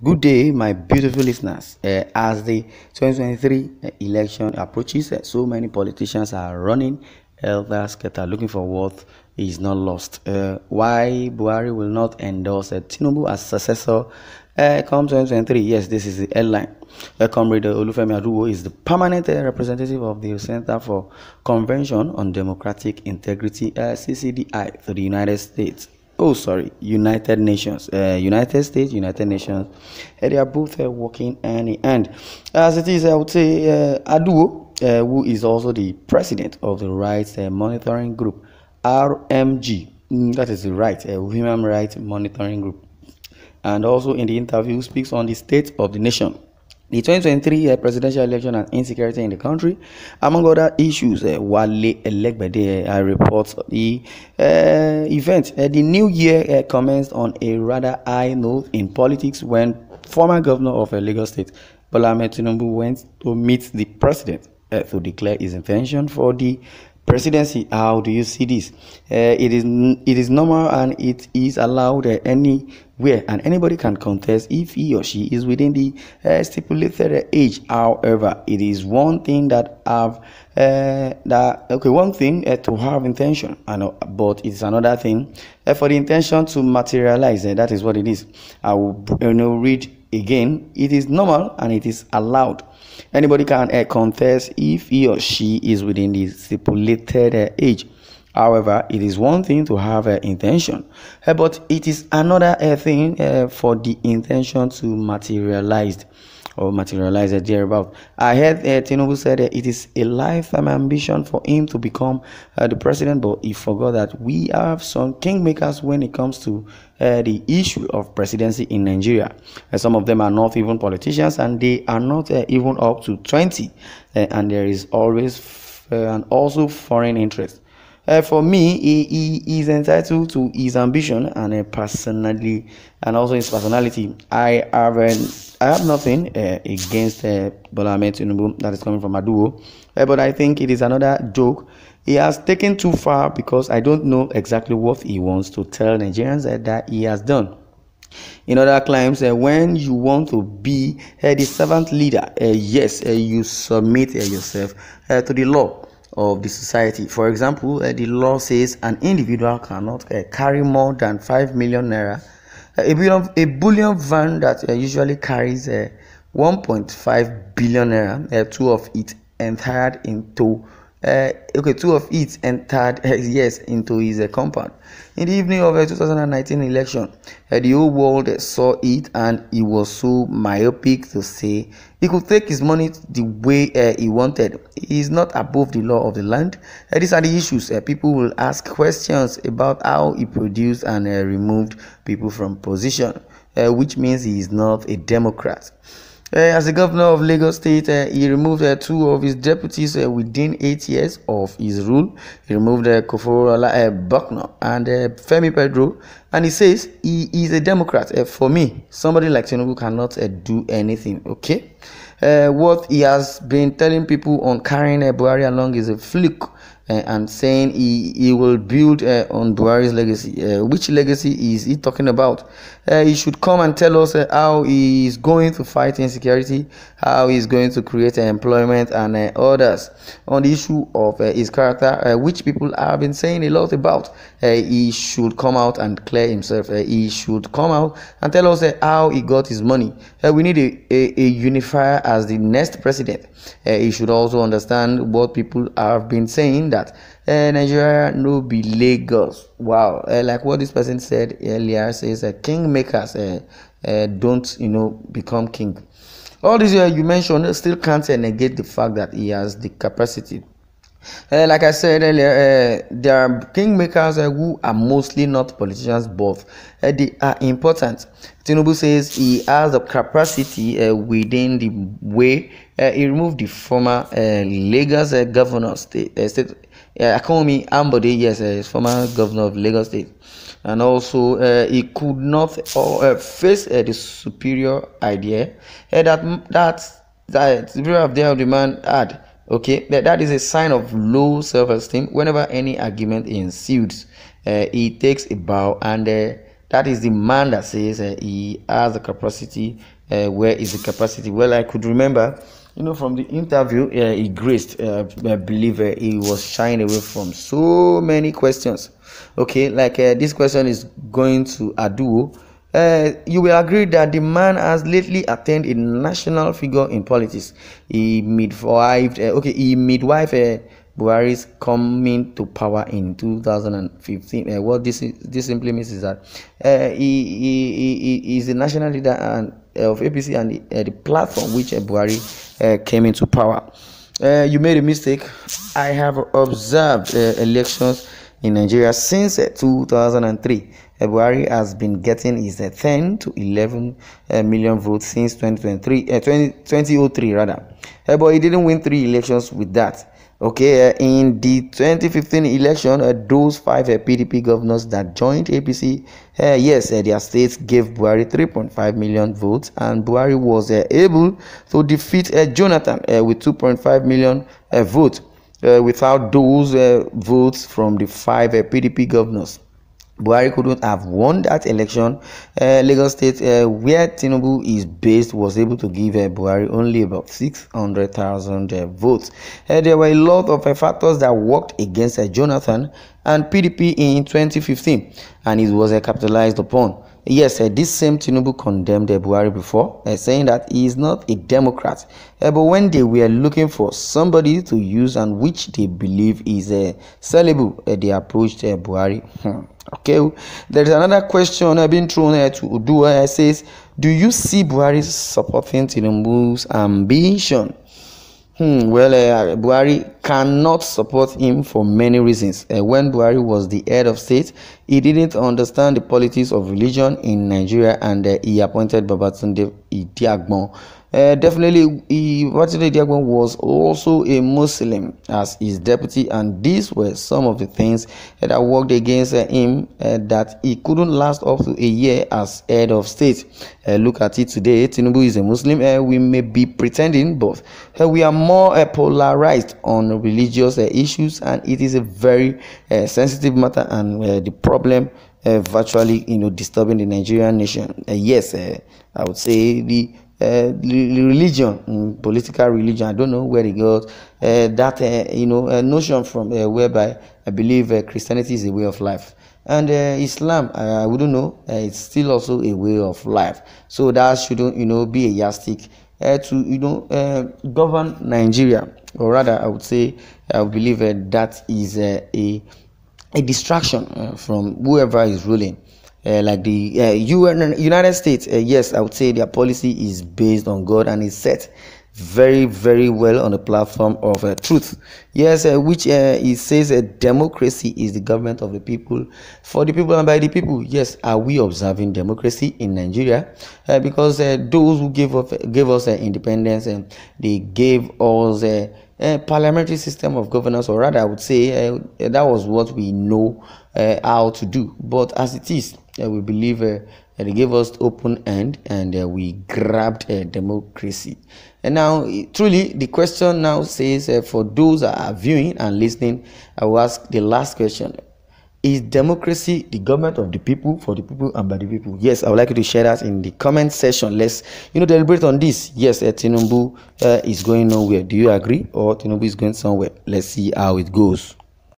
Good day, my beautiful listeners. Uh, as the 2023 uh, election approaches, uh, so many politicians are running. Elders that are looking for what is not lost. Uh, why Buhari will not endorse uh, Tinubu as successor uh, come 2023? Yes, this is the headline. Uh, Comrade Olufemi Aduwo is the permanent uh, representative of the Center for Convention on Democratic Integrity uh, (CCDI) to the United States oh sorry united nations uh, united states united nations they are both uh, working hand in hand as it is i would say uh, aduo uh, who is also the president of the rights uh, monitoring group rmg mm, that is the right human uh, rights monitoring group and also in the interview speaks on the state of the nation the 2023 uh, presidential election and insecurity in the country. Among other issues, uh, Wale Elegbede uh, reports the uh, event. Uh, the new year uh, commenced on a rather high note in politics when former governor of uh, Lagos State, Bola Tinubu, went to meet the president uh, to declare his intention for the presidency how do you see this uh, it is it is normal and it is allowed uh, any where and anybody can contest if he or she is within the uh, stipulated age however it is one thing that have uh, that okay one thing uh, to have intention and uh, but it's another thing uh, for the intention to materialize uh, that is what it is i will you know read again it is normal and it is allowed anybody can contest if he or she is within the stipulated age However, it is one thing to have an intention, eh, but it is another eh, thing eh, for the intention to materialize or materialize it thereabout. I heard uh, Tinubu said it is a lifetime ambition for him to become the president, but he forgot that we have some kingmakers when it comes to the issue of presidency in Nigeria. some of them are not even politicians and they are not even up to 20, and there is always and also foreign interest. Uh, for me, he, he is entitled to his ambition and personally, and also his personality. I have uh, I have nothing uh, against uh, Bola Tinubu that is coming from Aduo, uh, but I think it is another joke. He has taken too far because I don't know exactly what he wants to tell Nigerians uh, that he has done. In other claims, uh, when you want to be uh, the servant leader, yes, you submit yourself to the law. of the society. For example, uh, the law says an individual cannot uh, carry more than 5 million naira. Uh, a, billion, a bullion van that uh, usually carries uh, 1.5 billion naira, uh, two of it entered into uh, okay, two of it entered uh, yes into his uh, compound. In the evening of the 2019 election, uh, the whole world saw it, and he was so myopic to say he could take his money the way uh, he wanted. He is not above the law of the land. Uh, these are the issues. people will ask questions about how he produced and removed people from position, which means he is not a Democrat. Eh, as the governor of Lagos State, eh, he removed eh, two of his deputies within eight years of his rule. He removed uh, Koforola Buckner and Femi Pedro, and he says he is a Democrat. for me, somebody like Tinubu cannot do anything. Okay. Uh, what he has been telling people on carrying Buhari along is a fluke and saying he, he will build uh, on Buhari's legacy. Uh, which legacy is he talking about? Uh, he should come and tell us how he is going to fight insecurity, how he is going to create employment and others. On the issue of his character, which people have been saying a lot about, he should come out and clear himself. he should come out and tell us how he got his money. we need a, a, a unifier as the next president. he should also understand what people have been saying that that uh, nigeria no be lagos wow uh, like what this person said earlier says uh, kingmakers uh, uh, don't you know become king all this uh, you mentioned still can't uh, negate the fact that he has the capacity uh, like I said earlier, uh, there are kingmakers uh, who are mostly not politicians, but they are important. Tinubu says he has the capacity within the way he removed the former Lagos governor state, state I uh, Akomi Ambode, yes, uh, former governor of Lagos State, and also uh, he could not uh, face the superior idea that that that superior idea of the man had. Okay, that, that is a sign of low self-esteem. Whenever any argument ensues, he takes a bow, and that is the man that says he has the capacity. where is the capacity? Well, I could remember you know from the interview yeah, he graced uh, eh, believer eh, he was shying away from so many questions okay like uh, this question is going to aduo uh, you will agree that the man has lately attained a national figure in politics he midwifed uh, okay he midwife uh, Buhari's coming to power in 2015. Uh, what this is, this simply means is that uh, he, he, he, he is the national leader and, uh, of APC and the, the platform which Buhari uh, came into power. Uh, you made a mistake. I have observed uh, elections in Nigeria since 2003. Buhari has been getting his 10 uh, to 11 uh, million votes since 2023, 20, 2003 rather. Uh, but he didn't win three elections with that. okay uh, in the 2015 election uh, those five uh, pdp governors that joined apc uh, yes uh, their states gave buhari 3.5 million votes and buhari was uh, able to defeat jonathan with 2.5 million votes without those votes from the five pdp governors Buhari couldn't have won that election. Uh, Lagos State, uh, where Tinubu is based, was able to give uh, Buhari only about 600,000 uh, votes. Uh, there were a lot of uh, factors that worked against uh, Jonathan and PDP in 2015, and it was capitalized upon. Yes, uh, this same Tinubu condemned uh, before, uh, saying that he is not a Democrat. Uh, but when they were looking for somebody to use and which they believe is uh, sellable, uh, they approached uh, Okay, oh, there is another question uh, being thrown uh, to Udua. Uh, says, Do you see Buhari supporting Tinubu's ambition? Hmm, well, uh, Buhari cannot support him for many reasons. Uh, when Buhari was the head of state, he didn't understand the politics of religion in Nigeria and uh, he appointed Babatunde Idiagbon Eh, definitely, Iwatire Diagbon was also a Muslim as his deputy, and these were some of the things that worked against uh, him uh, that he couldn't last up to a year as head of state. look at it today Tinubu is a Muslim. we may be pretending, but we are more polarized on religious issues, and it is a very sensitive matter, and the problem. virtually, you know, disturbing the Nigerian nation. yes, I would say the uh, religion, mm, political religion. I don't know where they got uh, that uh, you know uh, notion from, uh, whereby I believe uh, Christianity is a way of life. And uh, Islam, uh, I wouldn't know. Uh, it's still also a way of life. So that shouldn't you know be a yardstick uh, to you know uh, govern Nigeria, or rather, I would say I believe uh, that is uh, a a distraction uh, from whoever is ruling. uh, like the uh, eh, UN, United States, uh, yes, I would say their policy is based on God and is set very, very well on the platform of truth. Yes, which it says uh, democracy is the government of the people, for the people and by the people. Yes, are we observing democracy in Nigeria? because those who gave, up, gave us independence, and they gave us a parliamentary system of governance, or rather, I would say that was what we know how to do. But as it is, we believe uh, gave us open end and uh, we grabbed uh, democracy and now truly the question now says uh, for those that are viewing and listening i will ask the last question is democracy the government of the people for the people and by the people yes i would like you to share that in the comment section let's you know deliberate on this yes uh, tinubu uh, is going nowhere do you agree or tinubu is going somewhere let's see how it goes